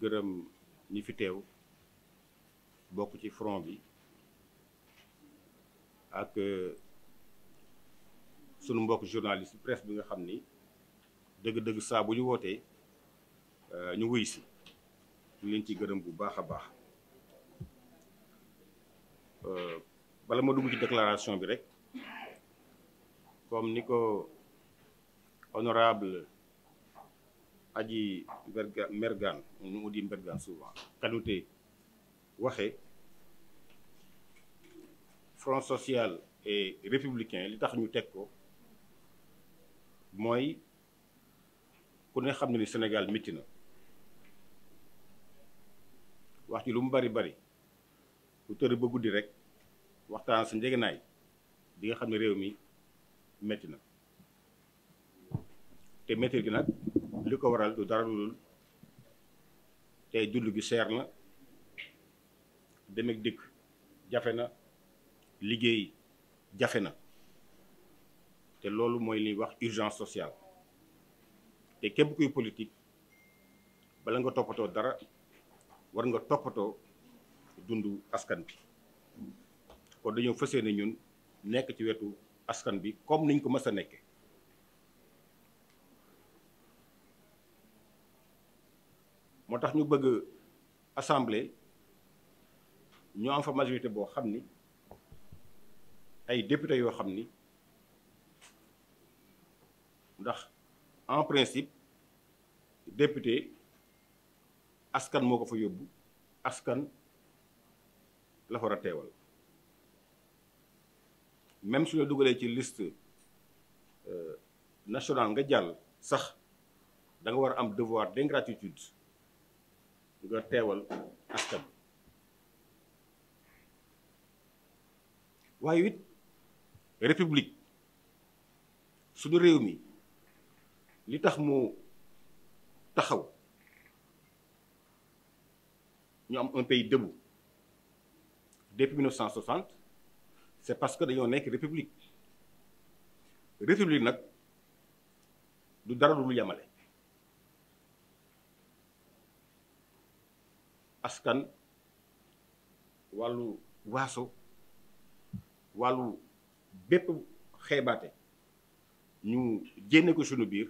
gërëm ñi fi teew bokk ci front bi ak euh, sunu mbokk journaliste presse bi nga xam ni dëgg-dëgg saa bu ñu wootee euh, ñu wuy si ñu ci gërëm bu baax a baax euh, bala ma dugg ci déclaration bi rek comme ni ko honorable aji berga mergan nu mu di mergan front social et républicain li tax ñu teg ko mooy ku ne xam ne ni Sénégal métti na wax ci lu mu bari bari ku tër ba guddi rek waxtaan sa njëgënaay di nga xam ne réew mi metti na te métti gi nag li ko waral du dara lu dul tey dund gi seer na dem ak dikk jafe na liggéey jafe na te loolu mooy liy wax urgence sociale te képp kuy politique bala nga toppatoo dara war nga toppatoo dundu askan bi kon dañoo fas yéene ñun nekk ci wetu askan bi comme niñ ko mës a nekkee. moo tax ñu bëgg assemblée ñu am fa majorité boo xam ni ay député yoo xam ni ndax en principe député askan moo ko fa yóbbu askan la a teewal même su la dugalee ci liste euh, nationale nga jàll sax da nga war a am devoir d'ingratitude nga teewal askan waaye it république suñu réew mi li tax mu taxaw ñu am un pays debout depuis 1960 c'est parce que dañoo nekk république république nag du dara lu yamale askan wàllu waaso wàllu bépp xeebaate ñu génne ko sunu biir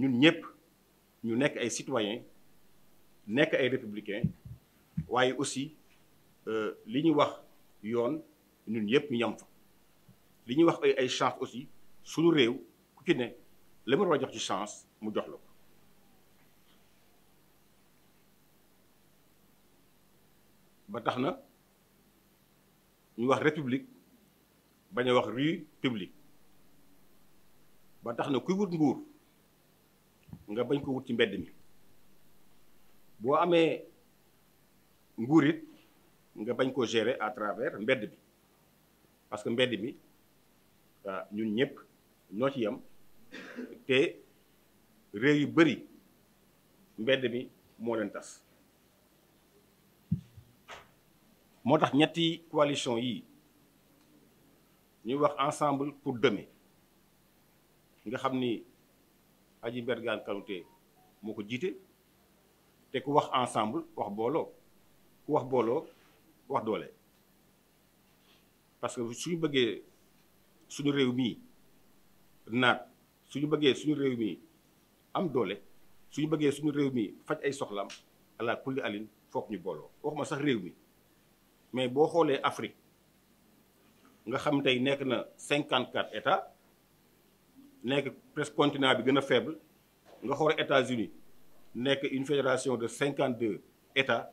ñun ñëpp ñu nekk ay citoyens nekk ay républicains waaye aussi euh, li ñu wax yoon ñun ñëpp ñu yam fa li ñuy wax ay ay chance aussi sunu réew ku ci ne la mu jox ci chance mu jox la ko ba tax na ñu wax république bañ a wax rue publique ba tax na kuy wut nguur nga bañ ko wut ci mbedd mi boo amee nguur it nga bañ ko gérer à travers mbedd bi parce que mbedd mi euh, ñun ñëpp ñoo ci yem te réew yu bëri mbedd bi moo leen tas moo tax ñetti coalition yi ñuy wax ensemble pour demain nga xam ni Aji Bergane Kanouté moo ko jiite te ku wax ensemble wax booloo ku wax booloo wax doole parce que suñu bëggee suñu réew mii naat suñu bëggee suñu réew mii am doole suñu bëggee suñu réew mii faj ay soxlaam ala kulli alin foog ñu booloo waxuma sax réew mi mais boo xoolee Afrique nga xam tey nekk na cinquante 54 états nekk presque continent bi gën a faible nga xool États-Unis nekk une fédération de 52 états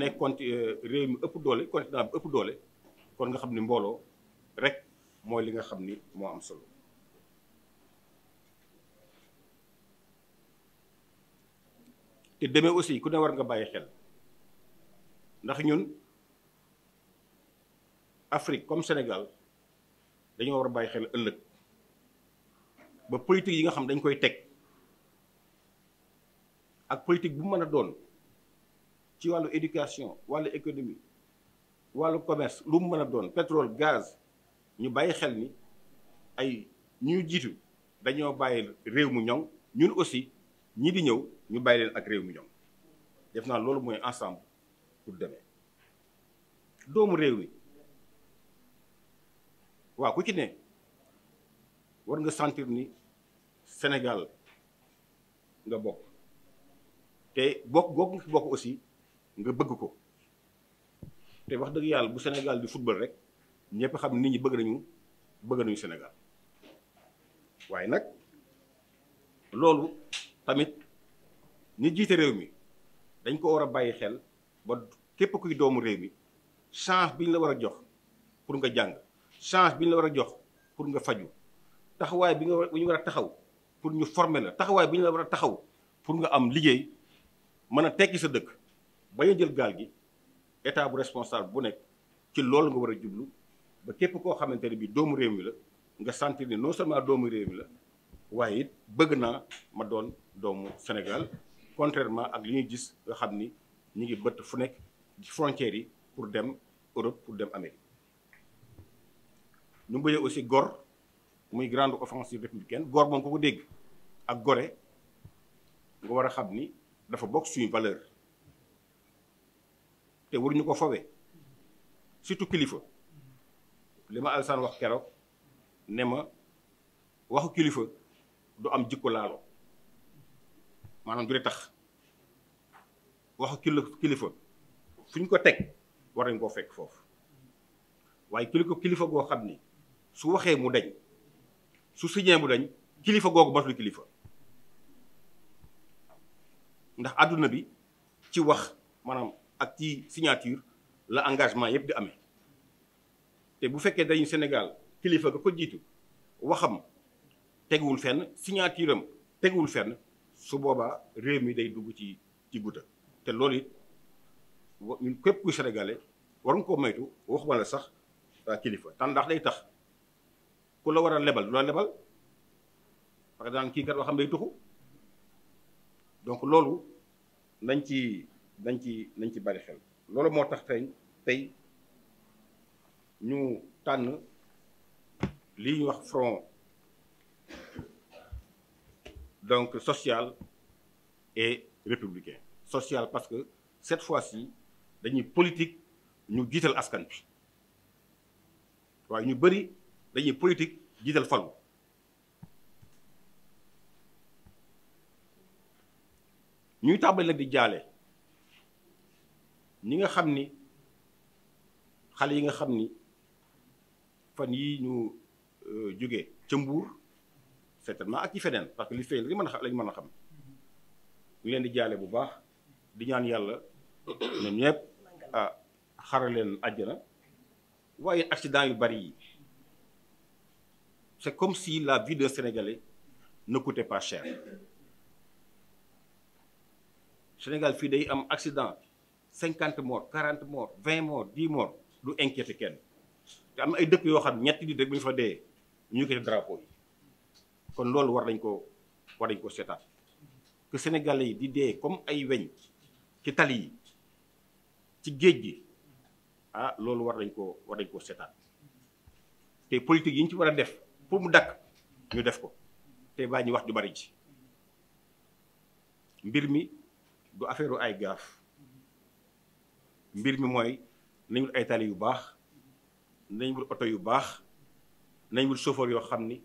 nekk conti euh, réew mi ëpp doole continent bi ëpp doole kon nga xam ni mbooloo rek mooy li nga xam ni moo am solo. te demee aussi ku ne war nga bàyyi xel ndax ñun. Afrique comme Sénégal dañoo war a bàyyi xel ëllëg ba politique yi nga xam dañ koy teg ak politique bu mën a doon ci wàllu éducation wàllu économie wàllu commerce lu mu mën a doon pétrole gaz ñu bàyyi xel ni ay ñuy jiitu dañoo bàyyi réew mu ñoŋ ñun aussi ñi di ñëw ñu bàyyi leen ak réew mu ñoŋ def naa loolu mooy ensemble pour demee doomu réew mi waaw ku ci ne war nga sentir ni Sénégal nga bokk te bokk bokk nga bokk aussi nga bëgg ko te wax dëgg yàlla bu Sénégal di football rek ñëpp xam nit ñi bëgg nañu bëgg nañu Sénégal waaye nag loolu tamit ñi jiite réew mi dañ ko war a bàyyi xel ba képp kuy doomu réew mi chance bi ñu la war a jox pour nga jàng chance bi ñu la war a jox pour nga faju taxawaay bi nga war ñu war a taxaw pour ñu former la taxawaay bi ñu la war a taxaw pour nga am liggéey mën a tekki sa dëkk ba ñu jël gaal gi état bu responsable bu nekk ci loolu nga war a jublu ba képp koo xamante ne bi doomu réew mi la nga sentir ne non seulement doomu réew yi la waaye it bëgg naa ma doon doomu Sénégal contrairement ak li ñuy gis nga xam ni ñu ngi bëtt fu nekk ci yi pour dem Europe pour dem Amérique ñu bëjee aussi gor muy grande offensive républicaine gor moom ko ko dégg ak gore nga war a xam ni dafa bokk suñu valeur te waruñu ko fawee surtout kilifa li ma Alassane wax keroog ne ma waxu kilifa du am jikko laalo maanaam du tax waxu kilifa fu ñu ko teg war nañ koo fekk foofu waaye kilifa kilifa goo xam ni su waxee mu dañ su signé mu dañ kilifa googu matul kilifa ndax àdduna bi ci wax maanaam ak ci signature la engagement yëpp di amee te bu fekkee dañu Sénégal kilifa ga ko jiitu waxam teguwul fenn signature am teguwul fenn su boobaa réew mi day dugg ci ci te loolu it ñun képp kuy sénégalais war koo moytu waxuma la sax kilifa tan ndax day tax ku la war a lebal du la lebal par que daan kii kat xam day tuxu donc loolu nañ ci nañ ci nañ ci bari xel loolu moo tax tey tey ñu tànn li ñu wax front donc sociale et républicain social parce que cette fois si dañuy politique ñu jiital askan bi waaye ñu bëri dañuy politique jiital falu ñuy tàmbali nag di jaale ñi nga xam ni xale yi nga xam ni fan yi ñu euh, jógee ca mbuur certainement ak ci feneen parce que li fay li mën a lañ mën a xam ñu leen di jaale bu baax di ñaan yàlla ñoom ah, xaraleen xara waaye accident yu bari yi C'est comme si la vie d'un Sénégalais ne coûtait pas cher. Sénégal fii day am accident cinquante morts quarante morts vingt morts dix morts du inquiété kenn te am ay dëkk yoo xam ñetti nit rek bu ñu fa dee ñu ngi kon loolu war nañ ko war nañ ko seetaat que yi di dee comme ay weñ ci tali yi ci géej gi ah loolu war nañ ko war nañ ko seetaat te politique yi ñu ci war a def pour mu dakk ñu def ko te bàyyi ñu wax ju bari ji mbir mi du affaire ay gaaf mbir mi mooy nañ ay tali yu baax nañ wut oto yu baax nañ wut chauffeur yoo xam ni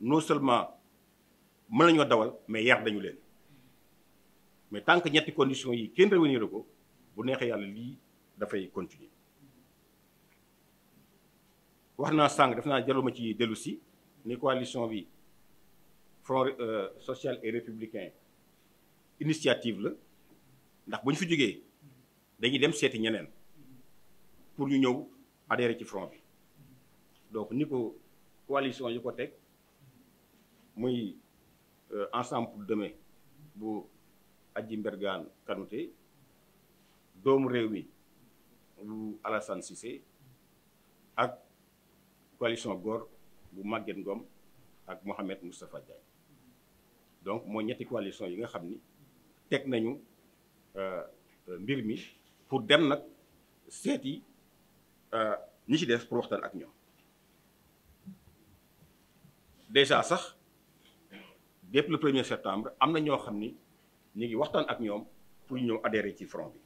non seulement mën nañoo dawal mais yar dañu leen mais tant que ñetti conditions yi kenn réunir ko bu neexee yàlla lii dafay continuer wax naa sànq def naa jarul ci dellusi si ni coalition bi front euh, social et républicain initiative la ndax bu ñu fi jógee dañuy dem seeti ñeneen pour ñu ñëw adhérer ci front bi donc ni ko coalition yi ko teg muy euh, ensemble pour deme bu Adji Mbergane Kanouté doomu réew mi bu Alassane Cissé ak coalition góor bu Maguette Ngom ak Mohamed Moustapha Diagne donc mooy ñetti coalition yi nga xam ni teg nañu euh, mbir mi pour dem nag seeti euh, ñi ci des pour waxtaan ak ñoom déjà sax depuis le premier septembre am na ñoo xam ni ñu ngi waxtaan ak ñoom pour ñëw adhérer ci front bi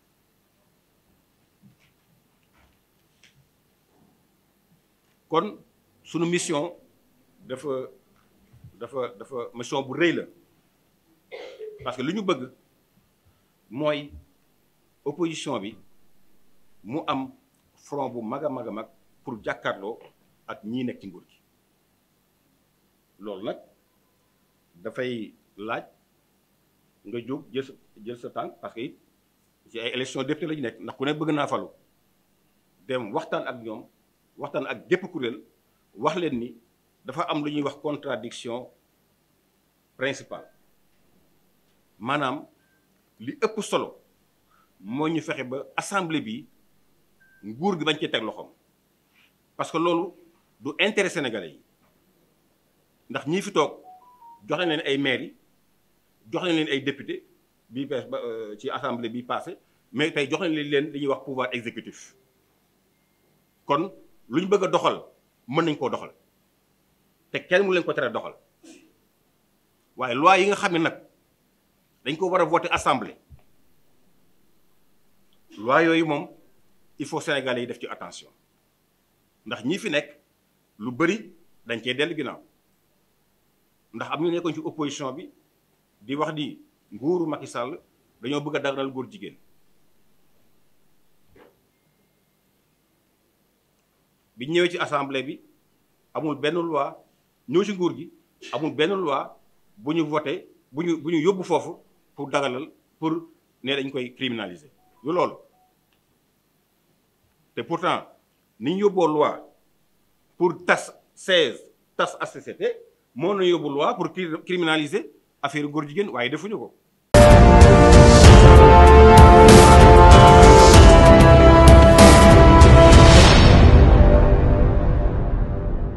kon sunu mission dafa dafa dafa mission bu rëy la parce que lu ñu bëgg mooy opposition bi mu am front bu mag a mag a mag pour jàkkaarloo ak ñii nekk ci nguur gi loolu nag dafay laaj nga jóg jël sa jël sa tànk parce que it ci ay élection député la ñu nekk ndax ku ne bëgg naa falu dem waxtaan ak ñoom waxtaan ak gépp kuréel wax leen ni dafa am lu ñuy wax contradiction principale maanaam li ëpp solo moo ñu fexe ba assemblée bi nguur gi bañ ci teg loxoom parce que loolu du intérêt sénégalais yi ndax ñii fi toog jox nañ leen ay maires jox nañ leen ay bi bii ba euh, ci assemblée bi passé mais tey jox nañ leen li ñuy wax pouvoir exécutif kon lu ñu bëgg a doxal mën nañ koo doxal te kenn mu leen ko tere doxal waaye loi yi nga xam ne nag dañ koo war a voter assemblée loi yooyu moom il faut sénégalais yi def ci attention ndax ñi fi nekk lu bëri dañ cee dellu ginnaaw ndax am ñu nekkoon ci opposition bi di wax di nguuru i Sall dañoo bëgg a daganal góor jigéen bi ñëwee ci assemblée bi amul benn loi ñëw ci nguur gi amul benn loi bu ñu voté bu ñu bu ñu yóbbu foofu pour dagalal pour ne dañ koy criminaliser lu lool te pourtant ni ñu yóbboo loi pour tas 16 tas HCCT moo na yóbbu loi pour criminaliser affaire góor jigéen waaye defuñu ko